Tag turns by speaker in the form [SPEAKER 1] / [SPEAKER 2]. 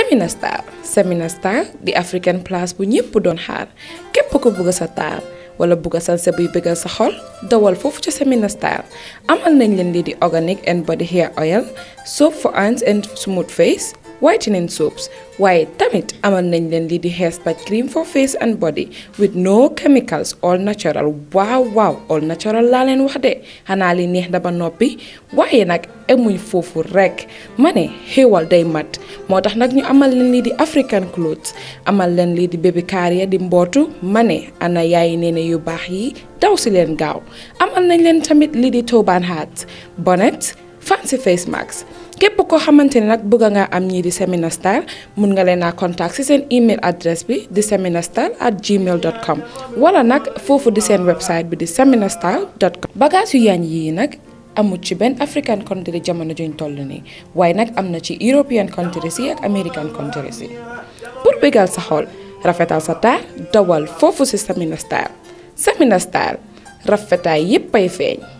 [SPEAKER 1] Semina Star Semina Star di African place bu ñëpp doon xaar képp ko bugg sa taar wala bugg a sanse buy bëggal sa xol dawal foofu ca Semina Star amal nañ leen lii di organic and body hair oil soap for hands and smooth whitening soaps waaye tamit amal nañ leen lii di hair spa cream for face and body with no chemicals all natural waaw waaw all natural laa leen wax de xanaa li neex daba noppi waaye nag emuñ foofu rekk ma ne xéewal day mat moo tax nag ñu amal leen lii di african clothes amal leen lii di baby carrier di mbootu ma ne ana yaayi neene yu baax yi daw si leen gaaw amal nañ leen tamit lii di turban hats bonnet fancy face mask képp koo xamante ne nag bëgg nga am ñii di Semina Style mun nga leen a contact si seen email adresse bi di Semina Style at gmail dot com wala nag foofu di seen website bi di Semina Style dot com bagage yu yaañ yii nag amul ci benn African country jamono juñ toll nii waaye nag am na ci European countries si ak American countries yi pour bégal sa xol rafetal sa taar dawal foofu ci Semina Style Semina star rafetaay yépp ay feeñ